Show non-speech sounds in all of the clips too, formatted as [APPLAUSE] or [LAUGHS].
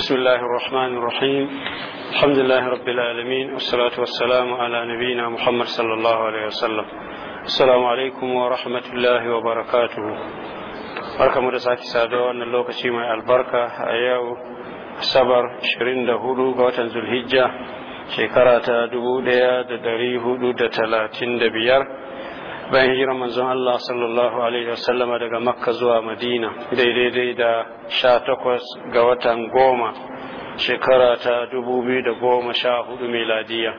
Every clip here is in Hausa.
بسم الله الرحمن الرحيم الحمد لله رب العالمين والصلاة والسلام على نبينا محمد صلى الله عليه وسلم السلام عليكم ورحمة الله وبركاته بركة مدساك سادو أن اللوكة شيما البركة أيو سبر شرين دهولو قوتن ذو الهجة شكرة دبو ديا ددري هدو دتلاتين دبيار bayan hira manzon Allah sallallahu alaihi wasallama daga makka zuwa madina daidai da sha takwas ga watan goma shekara ta dubu biyu da goma sha hudu meladiya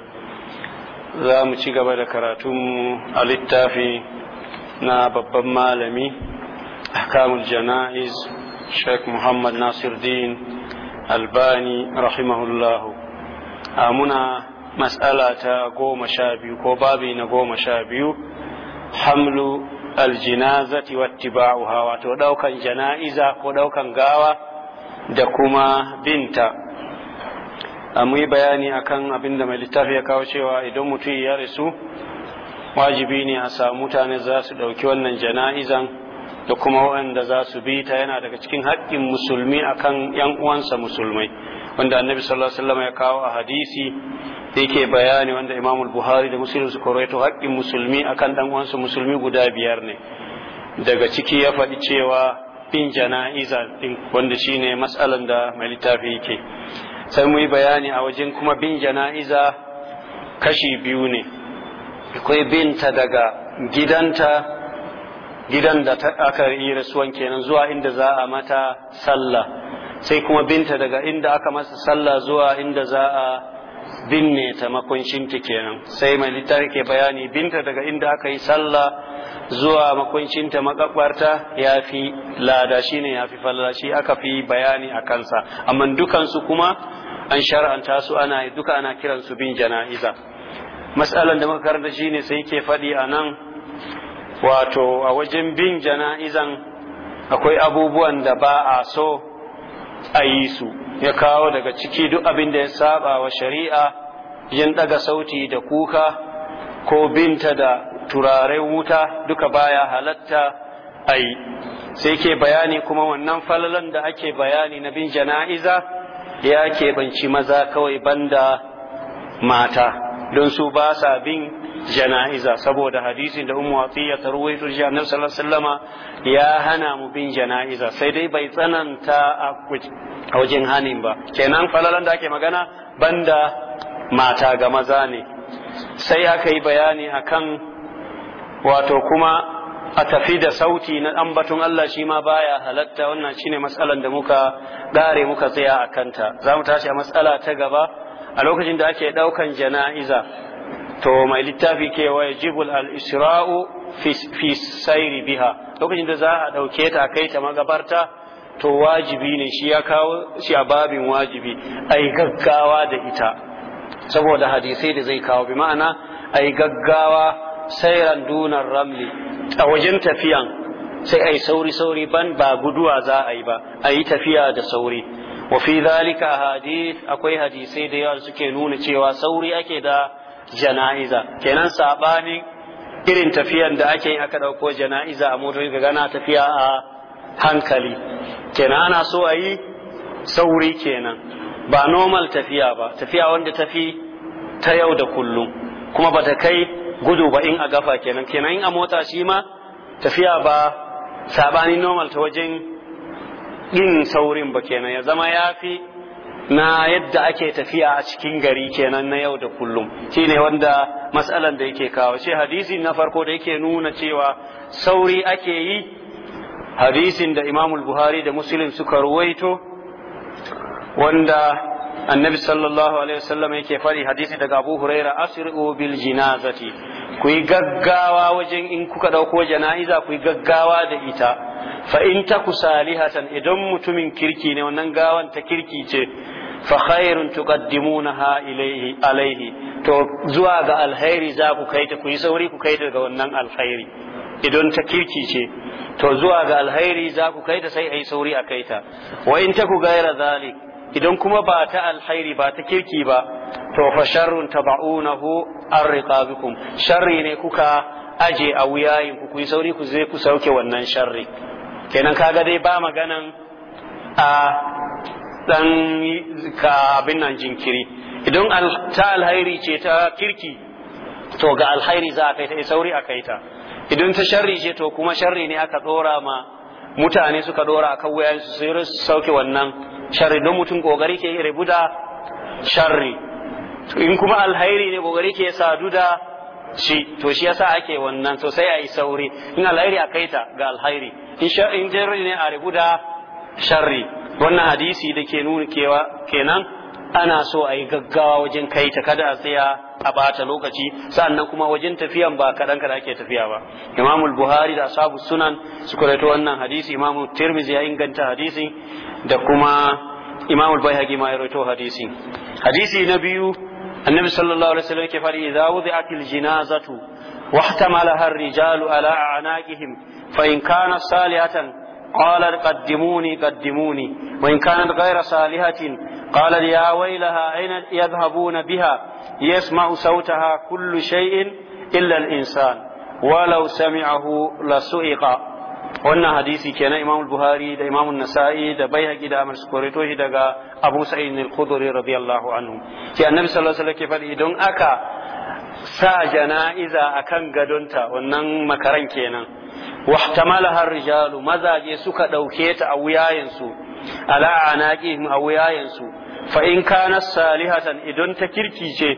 za mu ci gaba da karatunmu a littafi na babban malami ahkamul jana'iz sheikh muhammad nasir din albani rahimahullahu a muna matsala ta goma sha biyu ko babi na goma sha biyu hamlu aljinazati wattiba'uha wato daukan jana'iza ko daukan gawa da kuma binta mu yi bayani akan abinda mai littafi ya kawo cewa idan mutum ya rasu wajibi ne a samu mutane za su ɗauki wannan jana'izan da kuma waɗanda za su bi ta yana daga cikin haƙƙin musulmi akan yan uwansa musulmai wanda annabi sallallahu alaihi wasallam ya kawo a hadisi sai yake bayani wanda Imam Buhari da Muslim su koreto haƙƙin musulmi akan dan uwansu musulmi guda biyar ne daga ciki ya faɗi cewa bin jana'iza din wanda shine mas'alan da mai littafi yake sai mu yi bayani a wajen kuma bin jana'iza kashi biyu ne akwai binta daga gidanta gidan da aka yi rasuwan kenan zuwa inda za a mata sallah sai kuma binta daga inda aka masa sallah zuwa inda za a binne ta makwancinta kenan sai mai littafi ke bayani binta daga inda aka yi sallah zuwa makuncinta makabarta ya fi lada shine ne ya fi fallashi aka fi bayani a kansa amma dukansu kuma an shar'anta su ana duka ana kiransu bin jana'iza matsalan da muka karanta shi ne sai ke faɗi anan, wato a wajen bin jana'izan akwai abubuwan da ba a so a yi su ya kawo daga ciki duk abin da ya saba wa shari'a yin daga sauti da kuka ko binta da turaren wuta duka baya halatta a sai ke bayani kuma wannan falalan da ake bayani na bin jana'iza ya ke banci maza kawai banda mata don su ba sa bin jana'iza saboda hadisin da ummu atiya ta ruwaito annabi sallallahu alaihi wasallama ya hana mu bin jana'iza sai dai bai tsananta a wajen hanin ba kenan falalan da ake magana banda mata ga maza ne sai aka yi bayani akan wato kuma a tafi da sauti na batun Allah shi ma baya halatta wannan shine matsalan da muka kare muka tsaya a kanta za mu tashi a matsala ta gaba a lokacin da ake daukan jana'iza to mai littafi ke wa al-isra'u fi sayri biha lokacin da za a dauke ta kai ta magabarta to wajibi ne shi ya kawo shi a babin wajibi ai gaggawa da ita saboda hadisai da zai kawo bi ma'ana ai gaggawa sairan dunar ramli a wajen tafiyan sai ai sauri sauri ban ba guduwa za a yi ba a tafiya da sauri wa fi dhalika hadith akwai hadisai da yawa suke nuna cewa sauri ake da jana'iza kenan sabanin irin tafiyan da ake yin aka dauko jana'iza a motoci ga gana tafiya a hankali kenan ana so a yi sauri kenan ba normal tafiya ba tafiya wanda tafi ta yau da kullum kuma ba ta kai gudu ba in a gafa kenan kenan in a mota shi ma tafiya ba sabanin normal ta wajen yin saurin ba kenan ya zama ya fi na yadda ake tafiya a cikin gari kenan na yau da kullum shine wanda matsalan da yake kawo shi hadisi na farko da yake nuna cewa sauri ake yi hadisin da imamul buhari da muslim suka ruwaito wanda annabi sallallahu alaihi wasallam yake fari hadisi daga abu huraira asri'u bil jinazati ku yi gaggawa wajen in kuka dauko jana'iza ku yi gaggawa da ita fa in taku salihatan idan mutumin kirki ne wannan gawan ta kirki ce fa khairun tuqaddimunaha ilayhi alayhi to zuwa ga alkhairi za ku kai sauri ku wannan idan ta kirki ce to zuwa ga alkhairi za ku kai ta sai ayi sauri a kai ta wa in ku gaira zalik idan kuma ba ta alkhairi ba ta kirki ba to fa sharrun tad'unahu arriqabikum sharri ne kuka aje a wuyayin ku ku yi sauri ku ku sauke wannan sharri kenan kaga dai ba maganan a dan ka abin nan jinkiri idan ta alhairi ce ta kirki to ga alhairi za a kai ta sauri a kai ta idan ta sharri ce to kuma sharri ne aka dora ma mutane suka dora akan wayan su sai su sauke wannan sharri don mutum kokari ke rabu da sharri to in kuma alhairi ne kokari ke sadu da shi to shi yasa ake wannan to sai a yi sauri in alhairi a kai ta ga alhairi in sharri ne a rabu da sharri wannan hadisi da ke nuna kewa kenan ana so a yi gaggawa wajen kai ta kada a tsaya a bata lokaci sannan kuma wajen tafiyan ba kaɗan kaɗan ake tafiya ba imamul buhari da ashabu sunan su rawaito wannan hadisi imamu tirmizi ya inganta hadisi da kuma imamul bayhaqi ma ya rawaito hadisi hadisi na biyu annabi sallallahu alaihi wasallam yake fari idza wudi'atil jinazatu واحتملها الرجال على أعناقهم فإن كانت صالحة قال قدموني قدموني وإن كانت غير صالحة قال يا ويلها أين يذهبون بها يسمع صوتها كل شيء إلا الإنسان ولو سمعه لسئق wannan hadisi kenan Imam Buhari da Imam Nasa'i da a da Amr Sukurito daga Abu Sa'id al-Khudri radiyallahu anhu ke Annabi sallallahu alaihi ke faɗi idan aka sa jana'iza a kan gadonta wannan makaran kenan wahtamalaha rijalu mazaje suka ɗauke ta a wuyayensu ala anaqihim a wuyayensu fa in kana salihatan idan ta kirki ce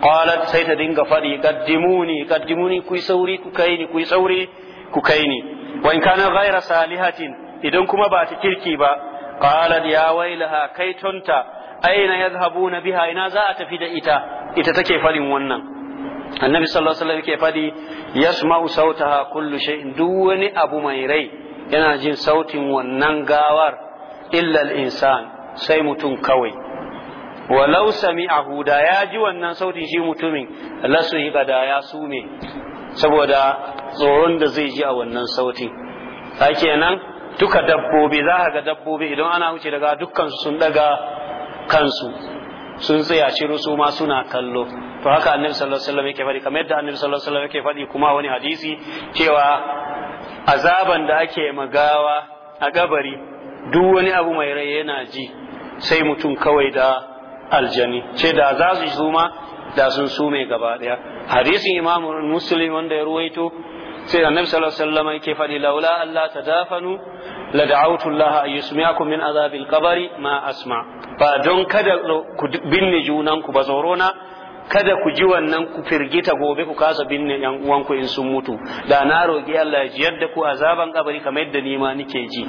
qalat sai ta dinga fadi qaddimuni qaddimuni ku sauri ku kai ni ku sauri ku kai ni wa in kana ghaira salihatin idan kuma ba ta kirki ba qalat ya wailaha kaitonta aina yadhhabuna biha ina za a tafi da ita ita take farin wannan annabi sallallahu alaihi wasallam yake fadi yasma'u sautaha kullu shay'in duk wani abu mai rai yana jin sautin wannan gawar illa al-insan sai mutum kawai walau sami'ahu huda ya ji wannan sautin shi mutumin lasu da ya sume saboda tsoron da zai ji a wannan sautin ta kenan duka dabbobi za ka ga dabbobi idan ana wuce daga dukkan sun daga kansu sun tsaya shiru su ma suna kallo to haka annabi sallallahu alaihi wasallam yake fadi kamar yadda annabi sallallahu alaihi wasallam yake faɗi kuma wani hadisi cewa azaban da ake magawa a gabari duk wani abu mai rai yana ji sai mutum kawai da aljani ce da za su suma da sun mai gaba daya hadisin imamu muslim wanda ya ruwaito sai annabi sallallahu alaihi wasallam yake faɗi laula Allah tadafanu la da'awtu Allah an yusmi'akum min azabil qabri ma asma ba don kada ku binne junan ku ba na kada ku ji wannan ku firgita gobe ku kasa binne yan uwanku in sun mutu da na roki Allah ya jiyar da ku azaban kabari kamar yadda ni ma nike ji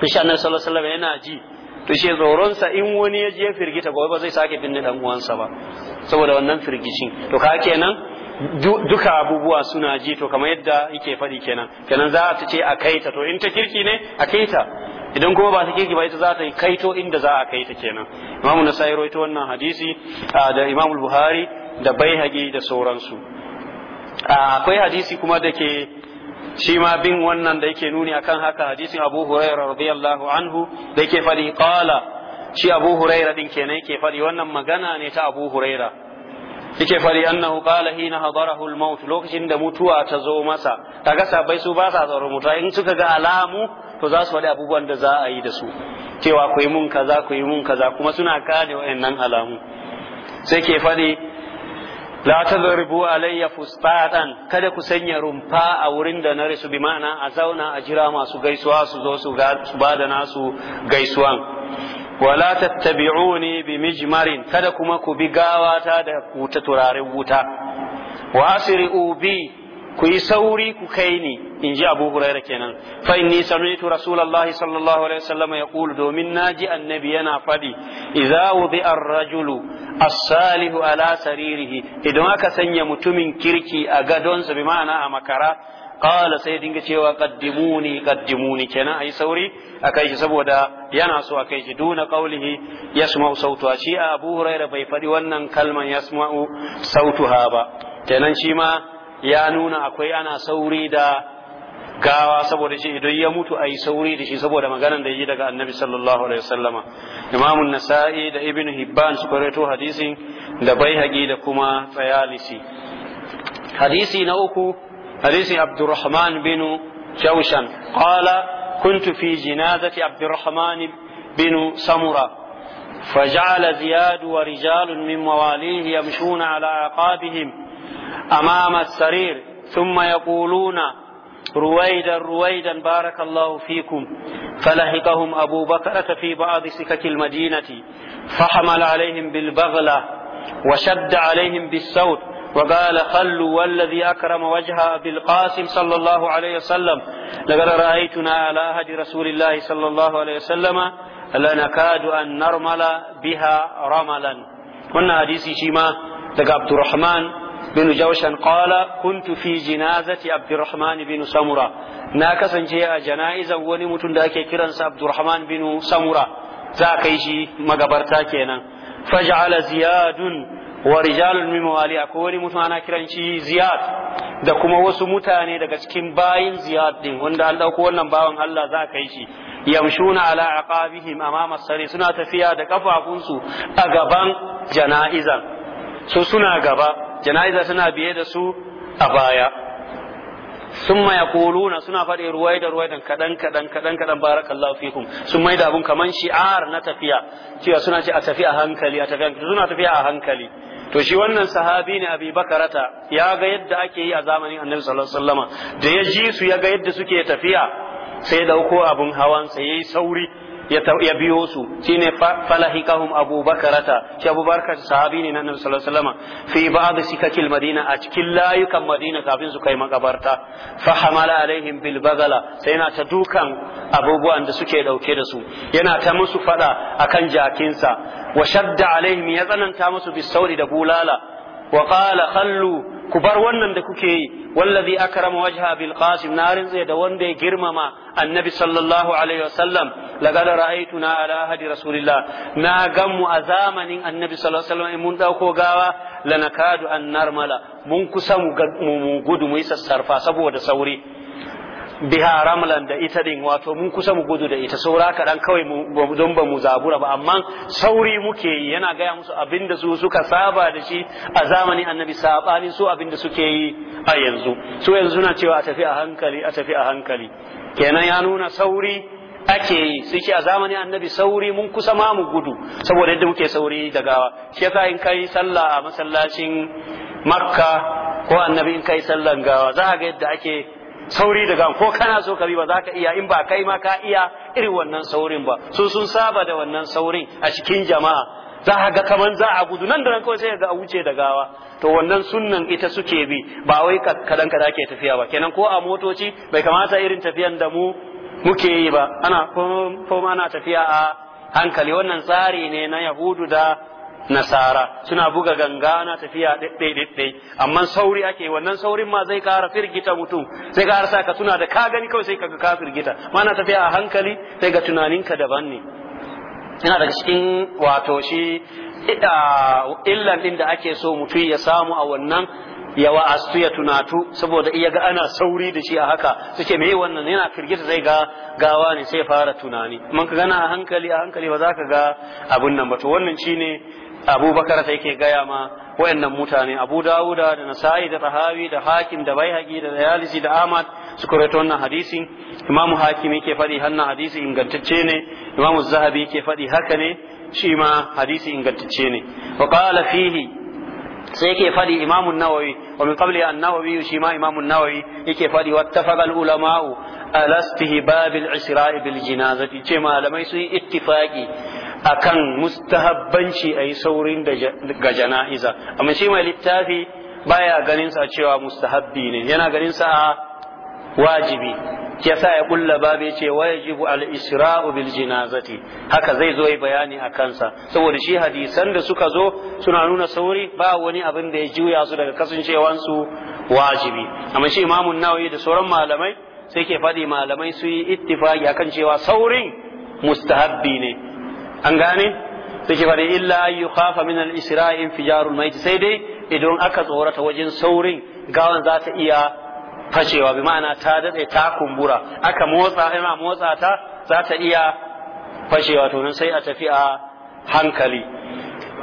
insha Allah sallallahu alaihi wasallam yana ji to shi tsoronsa in wani ya je firgita gobe ba zai sake binne dan uwansa ba saboda wannan firgicin to ka kenan duka abubuwa suna ji to kamar yadda yake faɗi kenan kenan za ta ce a kaita to in ta kirki ne a kaita idan kuma ba ta kirki ba ita za ta kaito inda za a kaita kenan imam nasai rawaito wannan hadisi da al buhari da baihaqi da sauransu akwai hadisi kuma da ke shi ma bin wannan da yake nuni akan haka hadisin abu hurairah radiyallahu anhu da yake faɗi qala shi abu hurairah din kenan yake faɗi wannan magana ne ta abu hurairah yake fari annahu qala hina hadarahu al-maut lokacin da mutuwa ta zo masa kaga sabai su ba sa tsoron mutuwa in suka ga alamu to za su faɗi abubuwan da za a yi da su cewa ku yi mun kaza ku yi mun kaza kuma suna kare wayannan alamu sai ke faɗi la tadribu alayya fustatan kada ku sanya rumfa a wurin da na rasu bi ma'ana a zauna a jira masu gaisuwa su zo su ba da nasu gaisuwan wala tattabi'uni bi mijmarin kada kuma ku bi gawata da wuta turaren wuta wa asri'u bi ku yi sauri ku kai ni in ji abu huraira kenan fa inni sami'tu rasulullahi sallallahu alaihi wasallam yaqulu domin naji annabi yana faɗi idza wudi'a ar-rajulu asalihu ala saririhi idan aka sanya mutumin kirki a gadonsa bi ma'ana a makara qala sai dinga cewa qaddimuni qaddimuni kenan ayi sauri akai shi saboda yana so akai shi duna qawlihi yasma'u sautuha shi Abu Hurairah bai faɗi wannan kalman yasma'u sautuha ba kenan shi ma ya nuna akwai ana sauri da gawa saboda shi idan ya mutu ayi sauri da shi saboda maganar da yi daga annabi sallallahu alaihi wasallama imam nasai da ibn hibban su kareto hadisin da baihaqi da kuma tsayalisi hadisi na uku حديث عبد الرحمن بن جوشن قال كنت في جنازة عبد الرحمن بن سمرة فجعل زياد ورجال من مواليه يمشون على عقابهم أمام السرير ثم يقولون رويدا رويدا بارك الله فيكم فلهقهم أبو بكرة في بعض سكك المدينة فحمل عليهم بالبغلة وشد عليهم بالسوت وقال خلوا والذي أكرم وجه أبي القاسم صلى الله عليه وسلم لقد رأيتنا على أهد رسول الله صلى الله عليه وسلم لنكاد أن نرمل بها رملا قلنا حديث شيما لك عبد الرحمن بن جوشن قال كنت في جنازة عبد الرحمن بن سمرة ناكسا جاء جنائزا ونمت داكي كرنس عبد الرحمن بن سمرة ذاك يجي مقبرتا كينا فجعل زياد wa rijalun min mawali akwai wani mutum ana kiran shi ziyad da kuma wasu mutane daga cikin bayin ziyad din wanda an dauko wannan bawan Allah za kai shi yamshuna ala aqabihim amama sari suna tafiya da su a gaban jana'izan su suna gaba jana'iza suna biye da su a baya summa yaquluna suna faɗi da ruwaidan kadan kadan kadan kadan barakallahu fikum sun mai da abun kaman shi'ar na tafiya cewa suna ce a tafi a hankali a tafi suna tafiya a hankali to shi wannan sahabi ne abi bakarata ya ga yadda ake yi a zamanin annabi sallallahu alaihi wasallam da ya ji su ya ga yadda suke tafiya sai ya dauko abun hawan sai yayi sauri ya biyo su shine falahikahum abubakar Bakarata shi abubakar sahabi ne na Annabi sallallahu alaihi wasallam fi ba'd Madina a cikin layukan Madina kafin su kai makabarta fa hamala alaihim bil bagala sai yana ta dukan abubuwan da suke dauke da su yana ta musu fada akan jakinsa wa shadda alaihim ya tsananta musu bisauri da bulala wa qala ku bar wannan da kuke yi wallazi akrama wajha na rintse da wanda ya girmama annabi sallallahu alaihi wasallam laqad ra'aytuna ala a zamanin annabi sallallahu alaihi gawa lanakadu an narmala mun sassarfa saboda sauri biha ramlan da ita din wato mun kusa mu gudu da ita saura kaɗan kawai don ba mu zabura ba amma sauri muke yi yana gaya musu abinda su suka saba da shi a zamanin annabi sabani su abinda suke yi a yanzu su yanzu na cewa a tafi a hankali a tafi a hankali kenan ya nuna sauri ake yi su ce a zamanin annabi sauri mun kusa ma mu gudu saboda yadda muke sauri da gawa shi yasa in kai sallah a masallacin makka ko annabi in kai sallan gawa za a ga yadda ake sauri daga ko kana so ka bi ba za ka iya in ba kai ma ka iya irin wannan saurin ba su sun saba da wannan saurin a cikin jama'a za a ga kaman za a gudu nan da nan kawai sai ga a wuce da gawa to wannan sunnan ita suke bi ba wai kadan kada ke tafiya ba kenan ko a motoci bai kamata irin tafiyan da mu muke yi ba ana ko ana tafiya a hankali wannan tsari ne na yahudu da nasara suna buga ganga gangana tafiya ɗaiɗaiɗai amma sauri ake wannan saurin ma zai kara firgita mutum sai ka sa ka tuna da ka gani kawai sai ka ga ka firgita mana tafiya a hankali sai ga tunaninka daban ne yana daga cikin wato shi illan ɗin da ake so mutum ya samu a wannan ya wa'astu ya tunatu saboda iya ga ana sauri da shi a haka suke me wannan yana firgita zai ga gawa ne sai fara tunani man ka gana a hankali a hankali ba za ka ga abun nan ba to wannan shine abubakar ta yake gaya ma wayannan mutane abu dawuda da nasa'i da tahawi da hakim da baihaqi da Dayalisi da ahmad su rawaito wannan hadisi imamu hakim yake faɗi hannan hadisi ingantacce ne imamu zahabi yake faɗi haka ne shi ma hadisi ingantacce ne wa qala fihi sai yake faɗi imamu nawawi wa min qabli an-nawawi shi ma imamu nawawi yake faɗi wattafaqa al-ulama'u alastihi babil israi bil jinazati ce malamai sun ittifaqi akan mustahabbanci a yi saurin ga jana'iza amma shi mai littafi baya ganin sa cewa mustahabbi ne yana ganin sa wajibi yasa ya kulla babe ce wajibu al isra'u bil jinazati haka zai zo yi bayani a kansa saboda shi hadisan da suka zo suna nuna sauri ba wani abin da ya juya su daga su wajibi amma shi imamun nawawi da sauran malamai sai ke faɗi malamai su yi ittifaki akan cewa saurin mustahabbi ne an gane sai ke faɗi illa yi khafa min al-isra'in fijarul maiti sai dai idan aka tsorata wajen saurin gawan za ta iya fashewa bi ma'ana ta daɗe ta kumbura aka motsa ina motsa ta za ta iya fashewa to nan sai a tafi a hankali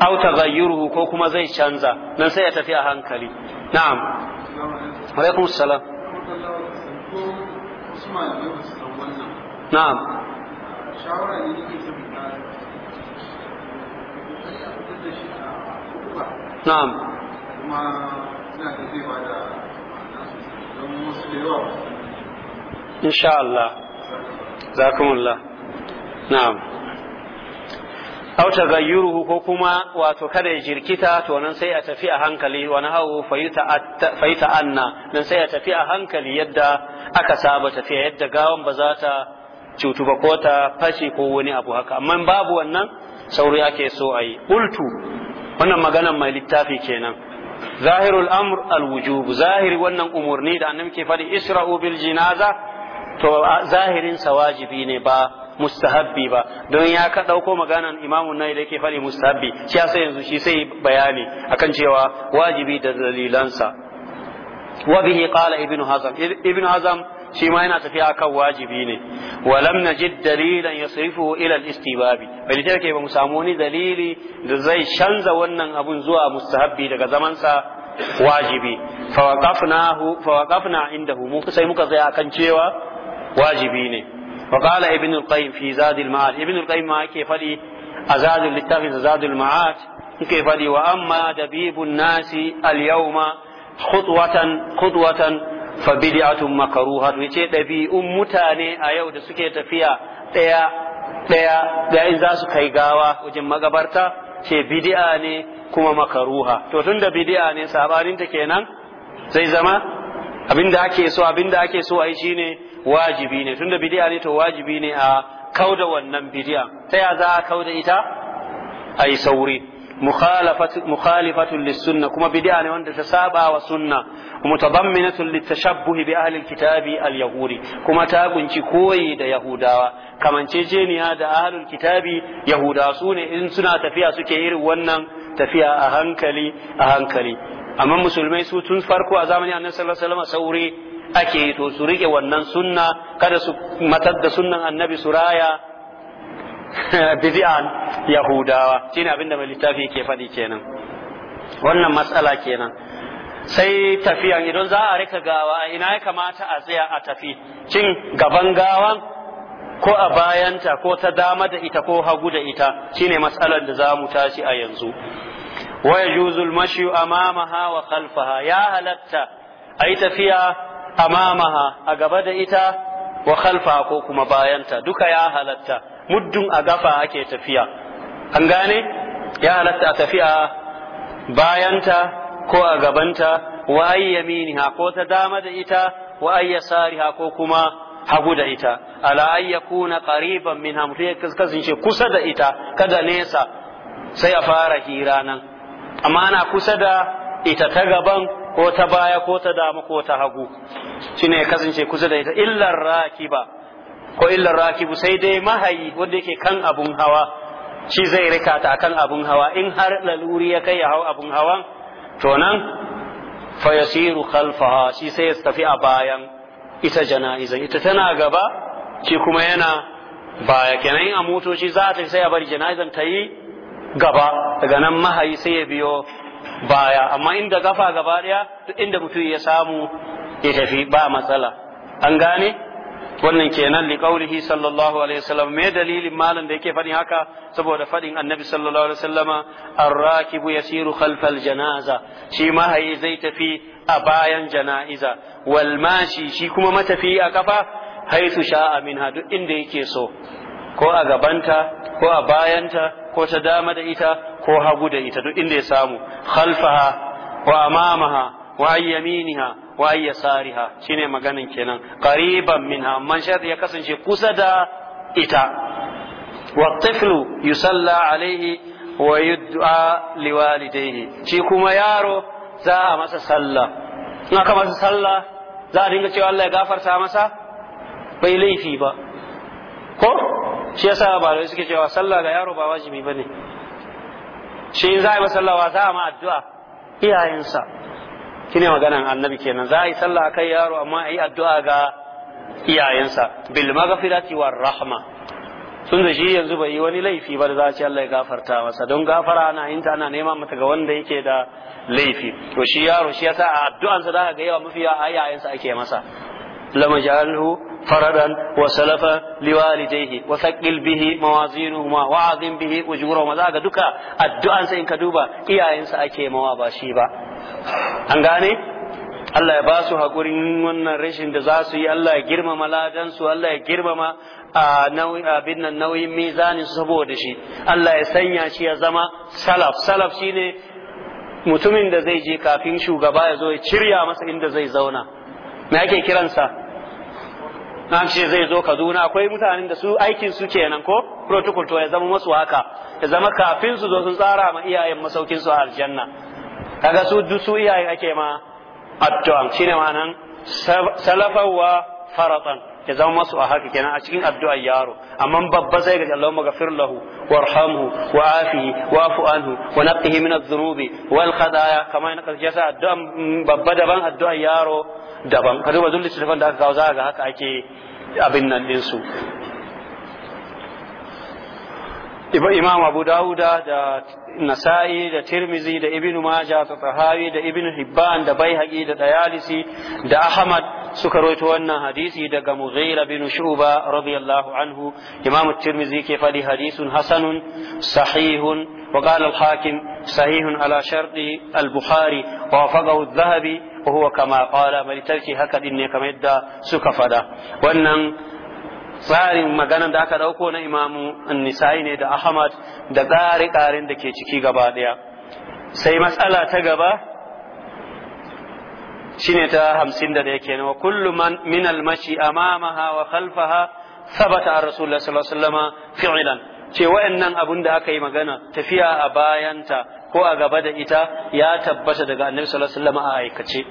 aw taghayyuruhu ko kuma zai canza nan sai a tafi a hankali na'am alaikum salam na'am shawara ne nake na'am kuma suna ko kuma wato kada ya jirkita to nan sai a tafi a hankali wa nahawu fa'ita anna nan sai a tafi a hankali yadda aka saba tafiya yadda gawan ba za ta cutu ba ko ta fashe ko wani abu haka amma babu wannan sauri ake so a yi qultu wannan maganan mai littafi kenan zahirul amr alwujub zahiri wannan umurni da annabi ke faɗi isra'u bil jinaza to zahirin sa wajibi ne ba mustahabbi ba don ya ka ɗauko maganan imamun nai da yake faɗi mustahabbi shi sai yanzu shi sai bayani akan cewa wajibi da dalilansa wa bihi qala ibnu hazam ibnu hazam shi ma yana tafiya akan wajibi ne walam najid dalilan yasrifu ila al-istibabi bai da ke ba mu samu wani dalili da zai canza wannan abun zuwa mustahabbi daga zaman sa wajibi fa waqafnahu fa waqafna indahu mu sai muka a akan cewa wajibi ne وقال ابن القيم في زاد المعاد ابن القيم ما كيف لي أزاد للتافز زاد المعاد كيف لي وأما دبيب الناس اليوم خطوة خطوة fa bid'atun makruhatun yace dabi'un mutane a yau da suke tafiya Ɗaya daya da in za su kai gawa wajen magabarta ce bidi'a ne kuma makaruha to tunda bid'a ne sabanin ta kenan zai zama abinda ake so abinda ake so ai shine wajibi ne tunda bid'a ne to wajibi ne a kauda wannan bidi'a. ta ya za a kauda ita ai sauri mukhalifatun lissunna kuma bid'a ne wanda ta saba wa sunna mutadamminatun litashabbuhi bi ahli alkitabi alyahudi kuma ta kunci koyi da yahudawa kamanceceniya da ahlul kitabi Yahudawa sune in suna tafiya suke irin wannan tafiya a hankali a hankali amma musulmai su tun farko a zamanin annabi sallallahu alaihi wasallam saure ake to su rike wannan sunna kada su matar da sunnan annabi su raya [LAUGHS] bid'an yahudawa shine abinda mai littafi yake faɗi kenan wannan matsala kenan sai tafiyan idan za a rika gawa ina ya kamata a tsaya a tafi cin gaban gawan ko a bayanta ko ta dama da ita ko hagu da ita shine matsalar da za mu tashi a yanzu wa yajuzu al amamaha wa khalfaha ya halatta ai tafiya amamaha a gaba da ita wa khalfaha ko kuma bayanta duka ya halatta muddun a gafa ake tafiya an gane ya halatta a tafiya bayanta ko a gabanta wa yaminiha ko ta dama da ita wa ay yasariha ko kuma hagu da ita ala ay kuna qariban minha ya kasance kusa da ita kada nesa sai a fara hira nan amma ana kusa da ita ta gaban ko ta baya ko ta dama ko ta hagu shine kasance kusa da ita illar rakiba ko illa rakibu sai dai mahayi wanda yake kan abun hawa shi zai rika ta kan abun hawa in har laluri ya kai ya hau abun hawa. to nan fa yasiru khalfaha shi sai ya tafi a bayan ita jana'izan ita tana gaba shi kuma yana baya kenan a motoci za ta sai a bari jana'izan ta yi gaba daga nan mahayi sai ya biyo baya amma inda gafa gaba daya inda mutum ya samu ya tafi ba matsala an gane wannan kenan li qaulihi sallallahu alaihi wasallam me dalilin malam da yake fadin haka saboda fadin annabi sallallahu alaihi wasallama ar-rakibu yasiru khalfal janaza shi mahayi zai tafi a bayan janaiza wal mashi shi kuma matafi a kafa haisu sha'a minha duk inda yake so ko a gabanta ko a bayanta ko ta dama da ita ko hagu da ita duk inda ya samu khalfaha wa amamaha wa yaminiha ya sariha shine maganin kenan qariban minha man shar ya kasance kusa da ita wa tiflu yusalla alaihi wa yud'a liwalidayhi shi kuma yaro za a masa sallah in aka masa sallah za a dinga cewa Allah ya gafarta masa bai laifi ba ko shi yasa ba suke cewa sallah ga yaro ba wajibi bane shi in za a yi wa za a ma addu'a iyayensa shine maganan annabi kenan za a yi sallah kai yaro amma a yi addu'a ga iyayensa bil maghfirati war rahma sun da shi yanzu bai yi wani laifi ba da za a ce Allah ya gafarta masa don gafara ana yin ta ana nema mata ga wanda yake da laifi to shi yaro shi yasa a addu'ansa za ka ga yawa mafi yawa iyayensa ake masa لم يجعله فردا وسلفا لوالديه وثقل به موازينهما وعظم به وجورهما ذاك دكا الدعاء سين كدوبا إيا إنسا أكي موابا شيبا gane. Allah ya ba su haƙurin wannan rashin da za su yi Allah ya girmama ladansu Allah ya girmama a abin nan nauyin mizanin su saboda shi Allah ya sanya shi ya zama salaf salaf shine mutumin da zai je kafin shugaba ya zo ya cirya masa inda zai zauna me ake kiransa Nan ce zai zo Kaduna akwai mutanen da su aikin su kenan ko protocol to ya zama masu haka ya zama kafin su zo sun tsara ma iyayen masaukin su a aljanna kaga su duk su iyayen ake ma addu'a shine ma'anan wa faratan ya zama masu a haka kenan a cikin addu'a yaro amma babba zai ga Allah ghafir lahu warhamhu wa afihi wa'fu anhu wa naqqihi min adh-dhunubi wal khadaya kama yana karshe sa addu'a babba daban addu'a yaro daban ka duba zulli da aka kawo za ga haka ake abin nan din su imam abu dauda da nasa'i da tirmizi da ibn maja da tahawi da ibn hibban da baihaqi da dayalisi da ahmad suka roito wannan hadisi daga Mughira bin Shu'ba radiyallahu anhu Imam Tirmidhi ke fadi hadisun hasanun sahihun Hakim, al-bukhari wa صحيح على dhahabi wa huwa kama qala bal tarki haka din ne kamar yadda suka fada Wannan tsarin maganan da aka dauko na imamu nisa'i ne da ahmad da tsari-tsarin da ke ciki gaba daya sai matsala ta gaba shine ta hamsin da yake nawa kullu man min almashi amamaha wa khalfaha sabata an rasulullah sallallahu alaihi wasallama fi'lan ce wa'annan abun da aka yi magana tafiya a bayanta ko a gaba da ita ya tabbata daga annabi sallallahu alaihi a aikace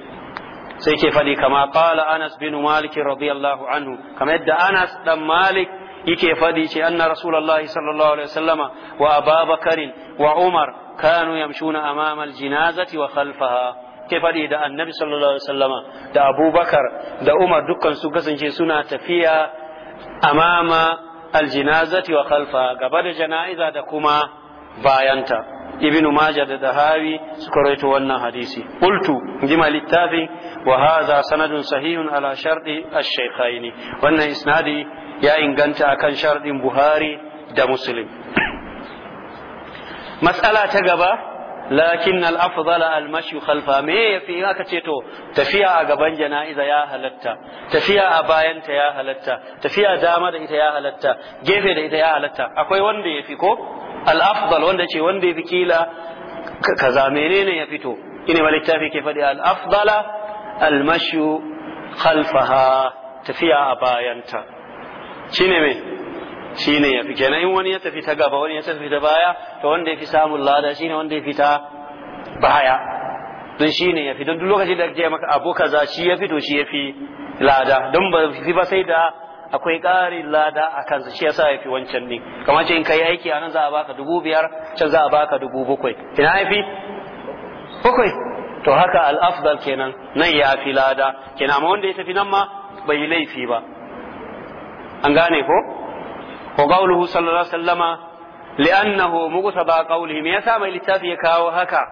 sai ke faɗi kama qala anas bin malik radiyallahu anhu kama yadda anas dan malik yake faɗi ce anna rasulullahi sallallahu alaihi wasallama wa ababakarin wa umar kanu yamshuna amama aljinazati wa khalfaha ke faɗi da annabi sallallahu da abubakar da umar dukkan su kasance suna tafiya amama aljinazati wa kalfa gaba da jana'iza da kuma bayanta Ibinu Maja da dahawi suka rawaito wannan hadisi qultu jima littafin wahaza sanadin sahihun ala sharti ash wannan isnadi ya inganta a kan sharɗin buhari da muslim Matsala ta gaba lakin alafzala afdala khalfa me yafi aka ce to tafiya a gaban jana'iza ya halatta tafiya a bayanta ya halatta tafiya dama da ita ya halatta gefe da ita ya halatta akwai wanda yafi ko al wanda ce wanda yafi kila kaza menene ya fito ina ma littafi ke faɗi al-afdala khalfaha tafiya a bayanta shine me shine fi kenan in wani ya tafi ta gaba wani ya tafi ta baya to wanda yafi samun lada shine wanda ya fita baya don shine yafi don duk lokacin da ake maka abu kaza shi yafi to shi yafi lada don ba fi ba sai da akwai ƙarin lada a kansa shi yasa yafi wancan ne kamar ce in kai aiki a nan za a baka dubu biyar can za a baka dubu bakwai ina yafi bakwai to haka al'afdal kenan nan ya fi lada kenan amma wanda ya tafi nan ma bai laifi ba an gane ko wa qawluhu sallallahu alaihi wasallama li'annahu muqtaba qawlihi me yasa mai littafi ya kawo haka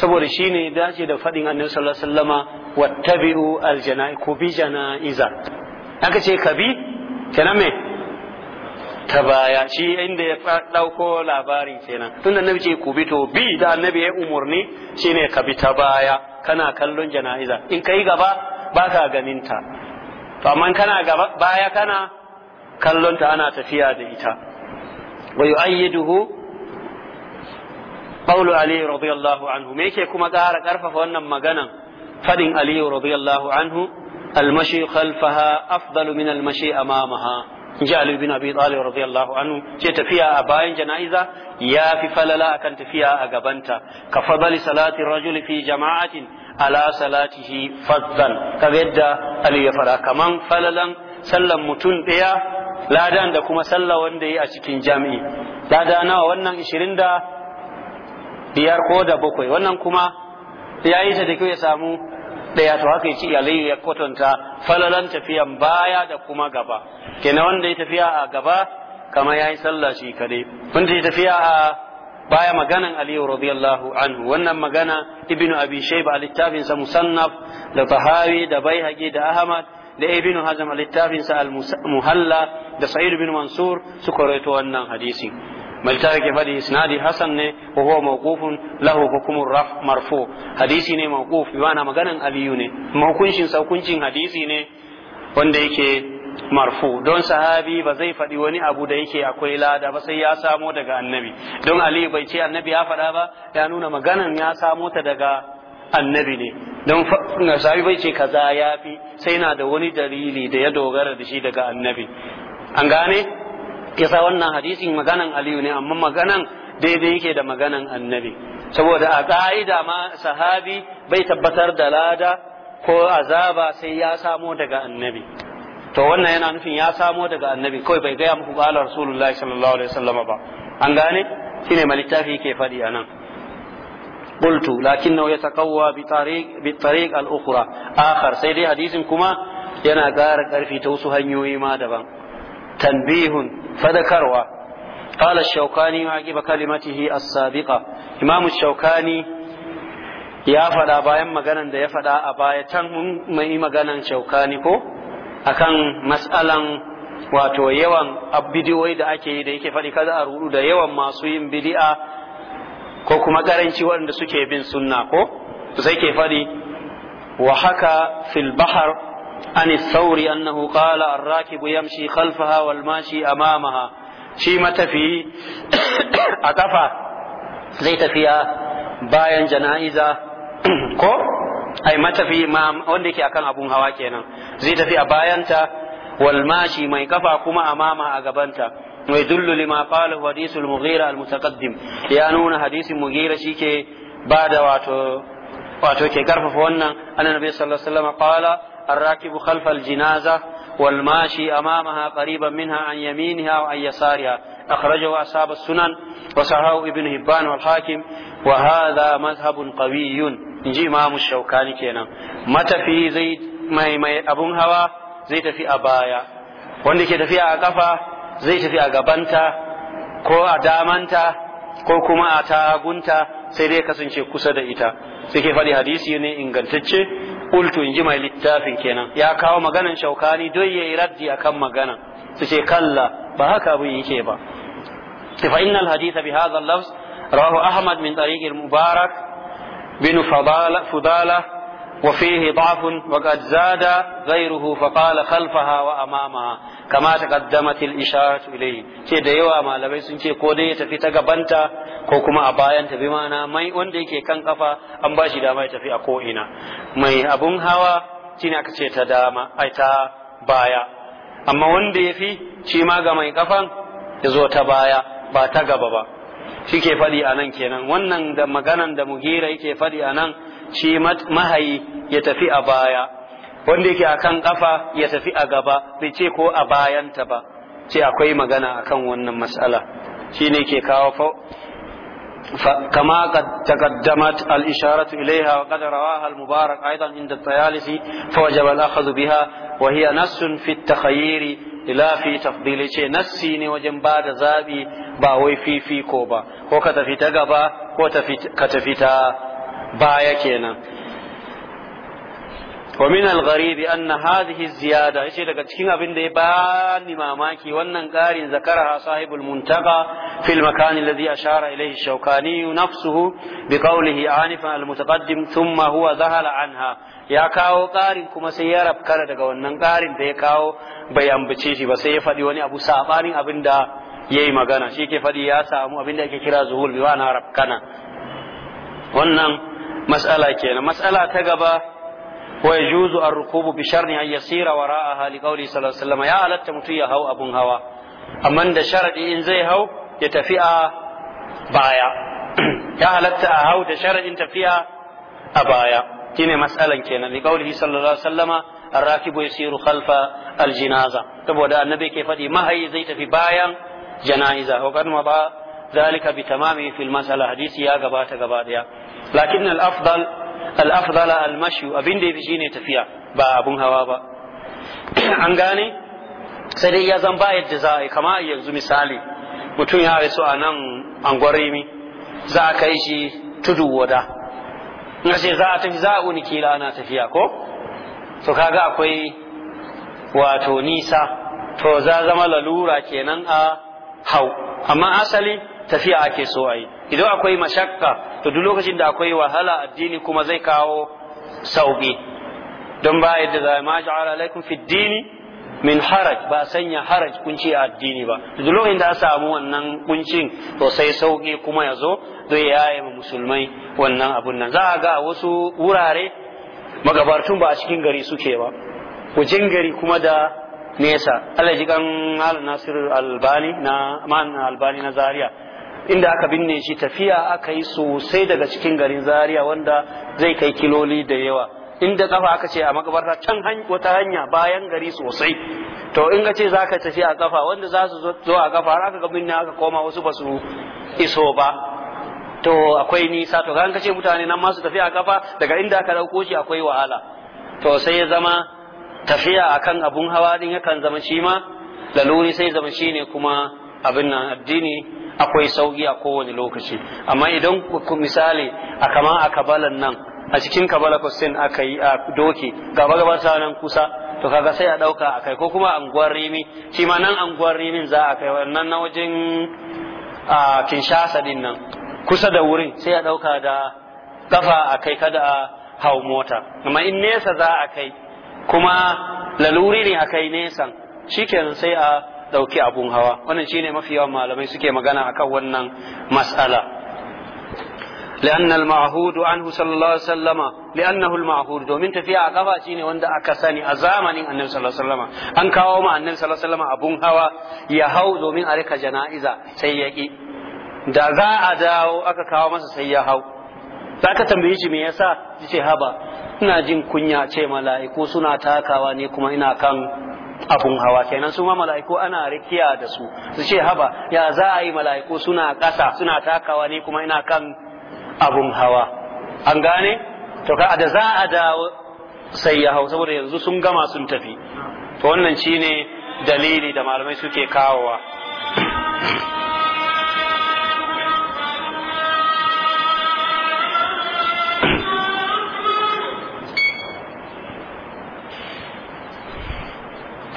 saboda shine ya dace da fadin annabi sallallahu alaihi wasallama wattabi'u aljana'i ku bi jana'iza aka ce ka bi kenan me ta baya shi inda ya ɗauko labarin kenan tun da annabi ce ku bi to bi da annabi ya umurni shine ka bi ta baya kana kallon jana'iza in kai gaba ba ka ganin ta to amma kana gaba baya kana kallonta ana tafiya da ita wa yu'ayyiduhu qawlu ali radiyallahu anhu me yake kuma ƙara ƙarfafa wannan maganan fadin ali radiyallahu anhu almashi khalfaha afdalu min almashi amamaha in ji Ali bin Abi Talib radiyallahu anhu ce tafiya a bayan jana'iza ya fi falala akan tafiya a gabanta ka fadali salati rajuli fi jama'atin ala salatihi faddan Ka yadda Ali ya fara kaman falalan sallan mutum ɗaya ladan da kuma sallah wanda yi a cikin jami'i lada nawa wannan ishirin da biyar ko da bakwai wannan kuma ya yi ta da kyau ya samu ɗaya to haka yace alayyu ya kwatanta falalan tafiyan baya da kuma gaba kenan wanda ya tafiya a gaba kamar ya yi sallah shi kadai wanda ya tafiya a baya maganan aliyu radiyallahu anhu wannan magana ibnu abi shayba a littafinsa musannaf da tahawi da baihaqi da ahmad da ibn hazm littafinsa al-muhalla da sa'id bin mansur su rawaito wannan hadisi ملتاك ne, إسنادي حسن وهو lahu له حكم الرف مرفوع حديثي نه موقوف بمعنى مغانا أبيو نه موكنشن saukuncin hadisi ne wanda yake marfu don sahabi ba zai faɗi wani abu da yake akwai lada ba sai ya samo daga annabi don Aliyu bai ce annabi ya faɗa ba ya nuna maganan ya samo ta daga annabi ne don sahabi bai ce kaza ya fi sai na da wani dalili da ya dogara da shi daga annabi an gane kisa wannan hadisin maganan aliyu ne amma maganan daidai yake da maganan annabi saboda a ka'ida ma sahabi bai tabbatar da lada ko azaba sai ya samo daga annabi to wannan yana nufin ya samo daga annabi kawai bai gaya muku qala rasulullahi sallallahu alaihi wasallam ba an gane shine malittafi ke faɗi anan قلت لكنه يتقوى بطريق بالطريق hadisin kuma سيدي حديث كما ينا wasu في ma daban. ما دبا تنبيه فذكروا قال الشوكاني عقب كلمته السابقة إمام الشوكاني ya faɗa bayan maganan da ya faɗa a baya can mai maganan shaukani ko akan matsalan wato yawan abidiyoyi da ake yi da yake faɗi kada a rudu da yawan masu yin bidi'a ko kuma karanci waɗanda suke bin sunna ko sai ke fadi wa haka fil bahar an sauri annahu qala ar-rakibu yamshi khalfaha wal mashi amamaha shi matafi a kafa zai tafiya bayan jana'iza [CLEARS THROAT] ko ai matafi wanda yake akan abun hawa kenan zai tafi a bayanta wal mashi mai kafa kuma amama a gabanta ويدل لما قاله حديث المغيرة المتقدم يا نون حديث المغيرة شيكي بعد واتو واتو كي كرف فونا أن النبي صلى الله عليه وسلم قال الراكب خلف الجنازة والماشي أمامها قريبا منها عن يمينها وعن يسارها أخرجه أصحاب السنن وصححه ابن هبان والحاكم وهذا مذهب قوي نجي إمام الشوكاني كينا متى في زيد ما أبون هوا زيد في أبايا وعندك تفي أقفا zai tafi a gabanta ko a damanta ko kuma a tagunta sai dai kasance kusa da ita sai ke faɗi hadisi ne ingantacce ultu in ji mai littafin kenan ya kawo maganan shaukani don ya yi raddi akan magana su ce kalla ba haka abin yake ba fa innal haditha bi hadha lafz rawahu ahmad min tariq mubarak bin fudala وفيه ضعف وقد زاد غيره فقال خلفها وأمامها كما تقدمت الإشارة إليه ce da yawa malamai sun ce ko dai ya tafi ta gabanta ko kuma a bayan bi mana mai wanda yake kan kafa an bashi da dama ya tafi a ko'ina mai abun hawa shi aka ce ta dama ai ta baya amma wanda ya fi shi ma ga mai kafan ya zo ta baya ba ta gaba ba shike faɗi a nan kenan wannan da maganan da mugira yake faɗi a nan shi mahayi ya tafi a baya wanda yake akan kafa ya tafi a gaba bai ce ko a bayanta ba ce akwai magana akan wannan mas'ala shine ke kawo كما قد تقدمت الإشارة إليها وقد رواها المبارك أيضا عند الطيالسي فوجب الأخذ بها وهي نص في التخيير لا في تفضيل شيء نسي وجن بعد زابي باوي في في كوبا وكتفي تقبا وكتفي baya kenan wa min al-gharibi anna hadhihi ziyada yace daga cikin abin da ya bani mamaki wannan ƙarin zakara sahibul muntaqa fil makan alladhi ashara ilayhi shawkani nafsuhu bi qawlihi anifan al-mutaqaddim thumma huwa zahala anha ya kawo ƙarin kuma sai ya rafkara daga wannan ƙarin da ya kawo bai ambace shi ba sai ya faɗi wani abu sabanin abin da yayi magana shi ke faɗi ya samu abin da ake kira zuhul bi wa na rafkana wannan mas'ala kenan mas'ala ta gaba wa yajuzu ar-rukubu bi sharri an yasira wara'aha li qawli sallallahu alaihi wasallam ya ya hau abun hawa amma da sharadi in zai hau ya tafi a baya [CLEARS THROAT] ya halatta a hau da sharadin tafiya a baya shine mas'alan kenan li qawlihi sallallahu alaihi wasallama الراكب يسير خلف الجنازة تبودا النبي كيف دي ما هي زي في بايان جنائزة وقد مضى ذلك بتمامه lakin al-afdal al-afdal al-mashy abin yafi shine tafiya ba abun hawa ba [CLEARS THROAT] an gane sai dai ya zan ba yadda za a yi kama yanzu misali mutum ya rasu a nan angwarimi za a kai shi tudu wada na ce za a tafi za a wuni kila ana tafiya ko to kaga akwai wato nisa to za zama lalura kenan a hau amma asali tafiya ake so a yi idan akwai mashakka to duk lokacin da akwai wahala addini kuma zai kawo sauki don ba yadda za ma ja'ala alaikum fi dini min haraj ba sanya haraj kunci a addini ba duk lokacin da a samu wannan kuncin to sai sauki kuma yazo zo zai yaye ma musulmai wannan abun nan za a ga wasu wurare magabartun ba a cikin gari suke ba wajen gari kuma da nesa Allah ji kan Nasiru Albani na man Albani na Zaria inda aka binne shi tafiya aka yi sosai daga cikin garin Zariya wanda zai kai kiloli da yawa inda kafa aka ce a makabarta can wata hanya bayan gari sosai to in ka ce za ka tafi a kafa wanda za su zo a kafa har aka gabin aka koma wasu ba su iso ba to akwai nisa to kan ka ce mutane nan masu tafi a kafa daga inda aka dauko shi akwai wahala to sai ya zama tafiya akan abun hawa din yakan zama shi ma laluri sai zama shi ne kuma abin nan addini akwai sauki a kowane lokaci amma idan ku misali a kama a kabalan nan a cikin kabala kusin aka yi a doki gaba gaba nan kusa to kaga sai a dauka a kai ko kuma anguwar rimi shi ma nan anguwar rimin za a kai wannan na wajen a kinshasa din nan kusa da wurin sai a dauka da kafa a kai kada a hau mota amma in nesa za a kai kuma laluri ne a kai nesan shikenan sai a dauke abun hawa wani shine mafi yawan malamai suke magana a kan wannan mas'ala. Li'anahulumaahudu an hu Salasalama li'anahulumaahudu domin tafiya a ƙafa shine wanda aka sani a zamanin anan Salasalama an kawo ma anan Salasalama abun hawa ya hau domin a rika jana'iza sai yaki Da za a dawo aka kawo masa sai ya hau za ka tambayi shi me yasa ita haba ina jin kunya ce mala'iku suna takawa ne kuma ina kan. abun hawa kenan su ma mala'iku ana rikiya da su su ce haba ya za a yi mala'iku suna ƙasa suna takawa ne kuma ina kan abun hawa an gane to ka da za a dawo sai ya hau saboda yanzu sun gama sun tafi to wannan shine dalili da malamai suke kawowa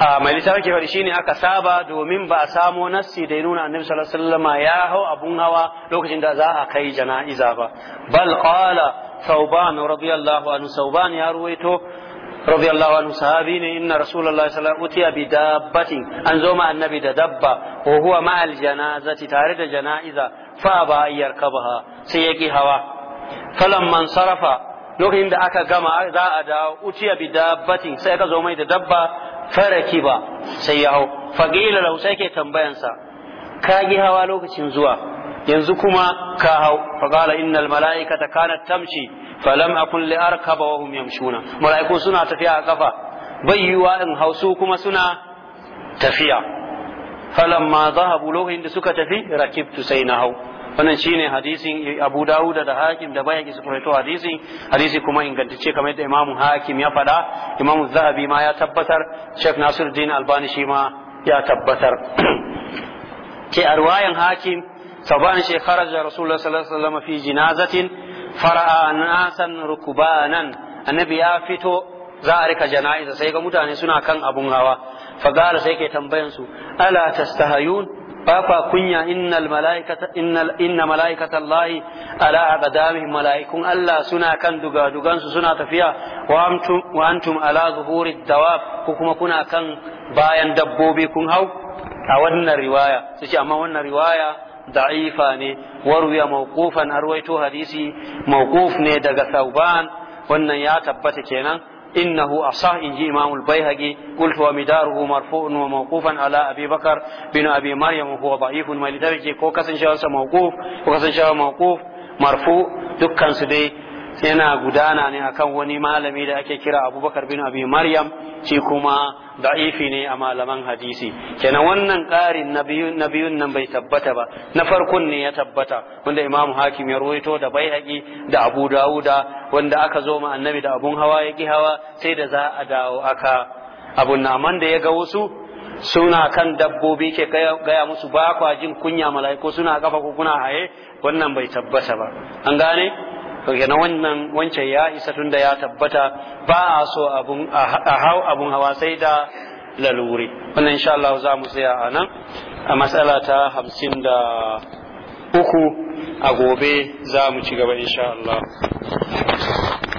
Ah, mai littafi ke faɗi shine aka saba domin ba a samo nassi da ya nuna annabi sallallahu alaihi wasallam ya hau abun hawa lokacin da za a kai jana'iza ba bal qala thawban radiyallahu anhu thawban ya ruwaito radiyallahu anhu sahabi ne inna rasulullahi sallallahu alaihi wasallam utiya bi dabbatin an zo ma annabi da dabba wa huwa ma al janazati tare da jana'iza fa ba yarkabaha sai yaki hawa falamman sarafa lokacin da aka gama za a dawo utiya bi dabbatin sai aka zo mai da dabba faraki ba sai ya hau fagila lau sai ke tambayansa ka yi hawa lokacin zuwa yanzu kuma ka hau fagala innal mala'ikata kanat tamshi falam akun li arkaba wa hum yamshuna mala'iku suna tafiya a kafa bai yiwa in su kuma suna tafiya falamma zahabu lokacin da suka tafi rakibtu sai na hau wannan shine hadisin Abu Dawud da Hakim da Bayhaqi su rawaito hadisin hadisi kuma ingantacce kamar yadda Imam Hakim ya faɗa Imam Zahabi ma ya tabbatar Sheikh Nasiruddin Albani shi ma ya tabbatar [CLEARS THROAT] ke a riwayan Hakim saban shi kharaja Rasulullah sallallahu alaihi wasallam fi jinazatin fara'a nasan rukubanan annabi ya fito za a rika jana'iza sai ga mutane suna kan abun hawa fa sai ke tambayan su ala tastahayun ba kunya inna malaikata allahi ala malaikun allah suna kan duga suna tafiya wa antum wa antum ala zuhuri dawab kuma kuna kan bayan dabbobi kun hau a wannan riwaya su ce amma wannan riwaya da'ifa ne warwiya mawqufan arwaito hadisi mawquf ne daga sauban wannan ya tabbata kenan إنه أصح إن جي إمام البيهقي قلت ومداره مرفوع وموقوفا على أبي بكر بن أبي مريم وهو ضعيف ما لدرجة كوكس إن شاء الله موقوف وكس إن شاء الله موقوف مرفوع دكان سدي yana gudana ne akan wani malami da ake kira abubakar bin abi maryam shi kuma da'ifi ne a malaman hadisi kenan wannan ƙarin na biyun nan bai tabbata ba na farkon ne ya tabbata wanda Imam hakim ya ruwaito da baihaqi da abu dawuda wanda aka zo ma annabi da abun hawa ya hawa sai da za a dawo aka abun naman da ya ga wasu suna kan dabbobi ke gaya musu ba kwa jin kunya mala'iku suna kafa ko kuna haye wannan bai tabbata ba an gane to kenan wannan wancan ya isa tunda ya tabbata ba a so abun a hau abun hawa sai da laluri wannan insha Allah za mu tsaya a nan a matsala ta hamsin da uku a gobe za mu ci gaba insha Allah